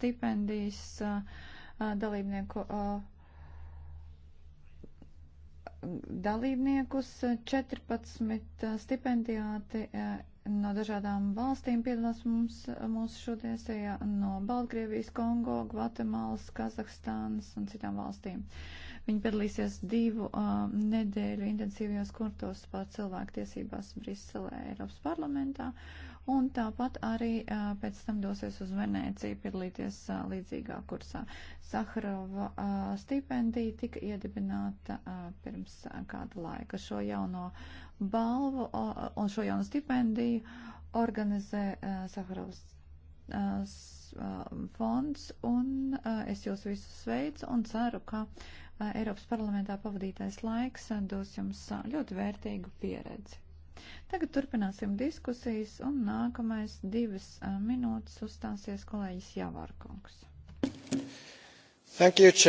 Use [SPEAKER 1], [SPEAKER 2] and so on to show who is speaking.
[SPEAKER 1] stipendijas dalībnieku dalībniekus 14 stipendijāti no dažādām valstīm piedalās mums, mūsu šodiesējā no Baltkrievijas, Kongo, Gvatemalas, Kazahstānas un citām valstīm. Viņi piedalīsies divu uh, nedēļu intensīvajos kurtos par cilvēktiesībās Briselē, Eiropas parlamentā, un tāpat arī uh, pēc tam dosies uz Venēciju piedalīties uh, līdzīgā kursā. Saharova uh, stipendija tika iedibināta uh, pēc pirms kāda laika šo jauno balvu un šo jauno stipendiju organizē eh, Sakarovs eh, eh, fonds, un es jūs visus sveicu un ceru, ka Eiropas parlamentā pavadītais laiks dos jums ļoti vērtīgu pieredzi. Tagad turpināsim diskusijas, un nākamais divas minūtes uzstāsies kolēģis Javārkungs. Thank you,